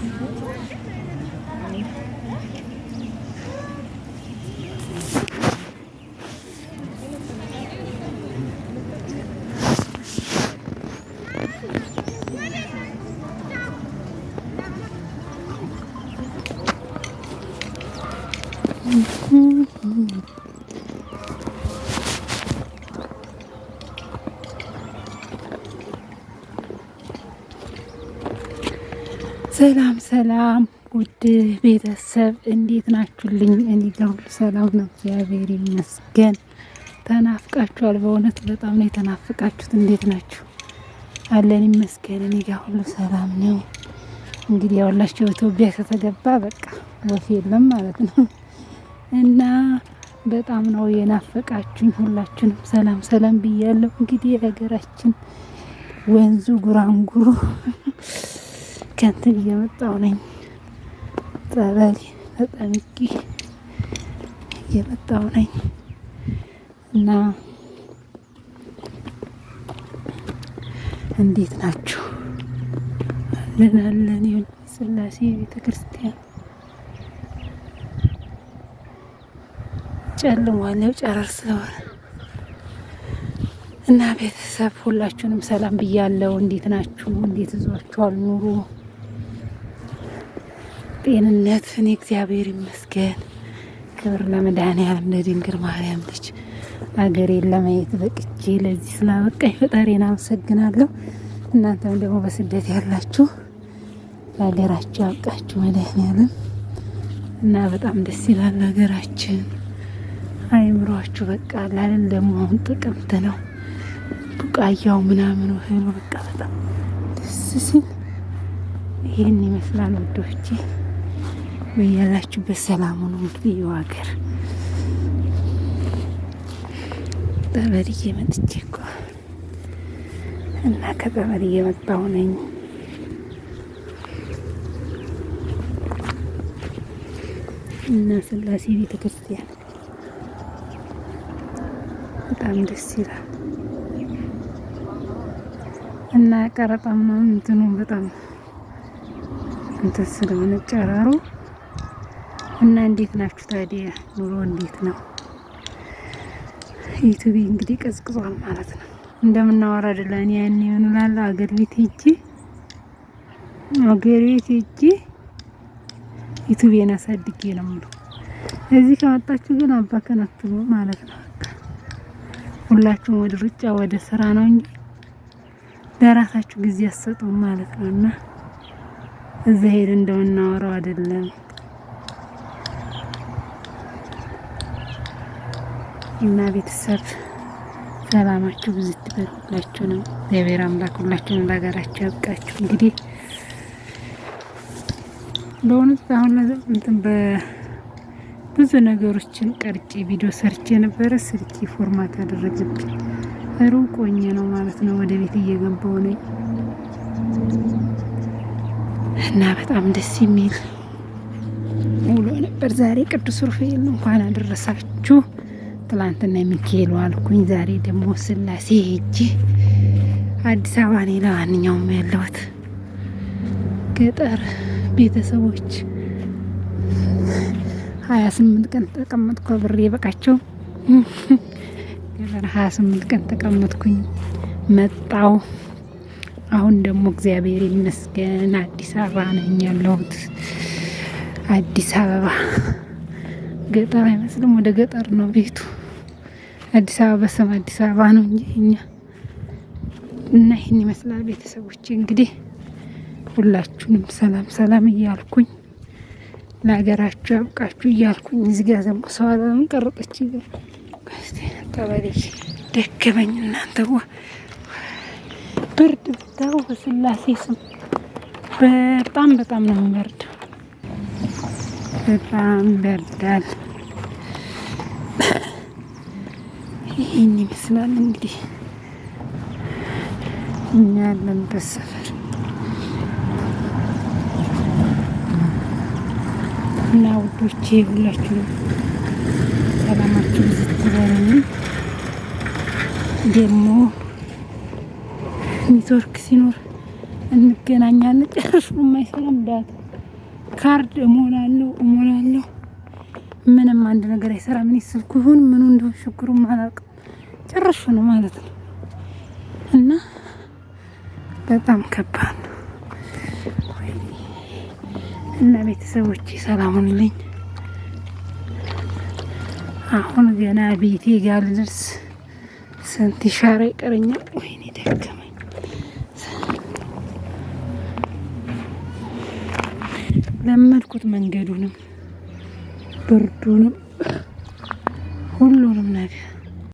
Mm-hmm. ሰላም ሰላም ውድ ቤተሰብ እንዴት ናችሁልኝ? እኔ ጋር ሁሉ ሰላም ነው፣ እግዚአብሔር ይመስገን። ተናፍቃችኋል። በእውነት በጣም ነው የተናፍቃችሁት። እንዴት ናችሁ? አለን ይመስገን። እኔ ጋር ሁሉ ሰላም ነው። እንግዲህ ያውላችሁ ኢትዮጵያ ከተገባ በቃ ወፍ የለም ማለት ነው እና በጣም ነው የናፈቃችሁኝ። ሁላችንም ሰላም ሰላም ብያለሁ። እንግዲህ የሀገራችን ወንዙ ጉራንጉሩ ከንትን እየመጣው ነኝ ጠበል ተጠምቂ እየመጣው ነኝ እና እንዴት ናችሁ? አለን አለን ይሁን ስላሴ ቤተ ክርስቲያን ጨልሟል። ያው ጨረር ስለሆነ እና ቤተሰብ ሁላችሁንም ሰላም ብያለው። እንዴት ናችሁ? እንዴት እዟችኋል ኑሮ? ጤንነት እኔ እግዚአብሔር ይመስገን። ክብር ለመድኃኔዓለም ለድንግል ማርያም ልጅ አገሬን ለማየት በቅቼ ለዚህ ስላበቃኝ ፈጣሪን አመሰግናለሁ። እናንተም ደግሞ በስደት ያላችሁ ለሀገራችሁ ያብቃችሁ መድኃኔዓለም እና በጣም ደስ ይላል ሀገራችን። አይምሯችሁ በቃ ላለን ደግሞ አሁን ጥቅምት ነው ቡቃያው ምናምን ውህሉ በቃ በጣም ደስ ሲል ይህን ይመስላል ውዶቼ። በያላችሁበት ሰላም ነው። እንግዲህ ይኸው ሀገር ጠበልዬ መጥቼ እኮ እና ከጠበልዬ መጣሁ ነኝ እና ስላሴ ቤተ ክርስቲያን በጣም ደስ ይላል እና ቀረጣ ምናምን እንትኑ በጣም እንትን ስለሆነ ጨራሩ እና እንዴት ናችሁ ታዲያ? ኑሮ እንዴት ነው? ዩቱቤ እንግዲህ ቀዝቅዟል ማለት ነው። እንደምናወራ አይደለ? እኔ ያን ይሆንላል። አገር ቤት ሄጄ አገር ቤት ሄጄ ዩቱቤን አሳድጌ ነው ምሉ። እዚህ ከመጣችሁ ግን አባከናችሁ ማለት ነው። ሁላችሁም ወደ ሩጫ ወደ ስራ ነው እንጂ ለራሳችሁ ጊዜ አሰጡ ማለት ነው። እና እዛ ሄድ እንደምናወራው አይደለም እና ቤተሰብ ሰላማችሁ ብዝት ይበል። ሁላችሁንም እግዚአብሔር አምላክ ሁላችሁንም ለሀገራችሁ ያብቃችሁ። እንግዲህ በእውነት አሁን እንትን በብዙ ነገሮችን ቀርጬ ቪዲዮ ሰርቼ የነበረ ስልኬ ፎርማት አደረገብኝ። ሩቅ ሆኜ ነው ማለት ነው ወደ ቤት እየገባሁ ነኝ እና በጣም ደስ የሚል ውሎ ነበር ዛሬ። ቅዱስ ሩፋኤል እንኳን አደረሳችሁ። ትላንትና የሚካሄሉ አልኩኝ። ዛሬ ደግሞ ስላሴ ሄጄ አዲስ አበባ እኔ ለማንኛውም ያለሁት ገጠር ቤተሰቦች ሀያ ስምንት ቀን ተቀመጥኩ። ብሬ የበቃቸው ገጠር ሀያ ስምንት ቀን ተቀመጥኩኝ መጣው። አሁን ደግሞ እግዚአብሔር ይመስገን አዲስ አበባ ነኝ ያለሁት። አዲስ አበባ ገጠር አይመስልም፣ ወደ ገጠር ነው ቤቱ። አዲስ አበባ በስም አዲስ አበባ ነው እንጂ እኛ እና ይህን ይመስላል። ቤተሰቦች እንግዲህ ሁላችሁንም ሰላም ሰላም እያልኩኝ ለሀገራችሁ ያብቃችሁ እያልኩኝ እዚህ ጋር ደግሞ ሰው አለም ቀረጠች ጠበሌ ደከመኝ። እናንተ ብርድ ብታው በስላሴ ስም በጣም በጣም ነው የሚበርደው። በጣም በርዳል። ይሄን ይመስላል እንግዲህ እኛ ያለንበት ሰፈር እና ውዶቼ ሁላችሁ ሰላማችሁ ዝትበረኝ ደግሞ ኔትወርክ ሲኖር እንገናኛለን። ጨርሹ የማይሰራም ዳታ ካርድ እሞላለሁ እሞላለሁ ምንም አንድ ነገር አይሰራ ምን ስልኩ ይሁን ምኑ እንደሆነ ችግሩም አላውቅም። ጭራሽ ነው ማለት ነው። እና በጣም ከባድ ነው። እና ቤተሰቦች ሰላሙን ልኝ አሁን ገና ቤቴ ጋር ልደርስ ስንት ሻራ ይቀረኛል። ወይኔ ደከመኝ። ለመድኩት መንገዱንም ብርዱንም ሁሉንም ነገር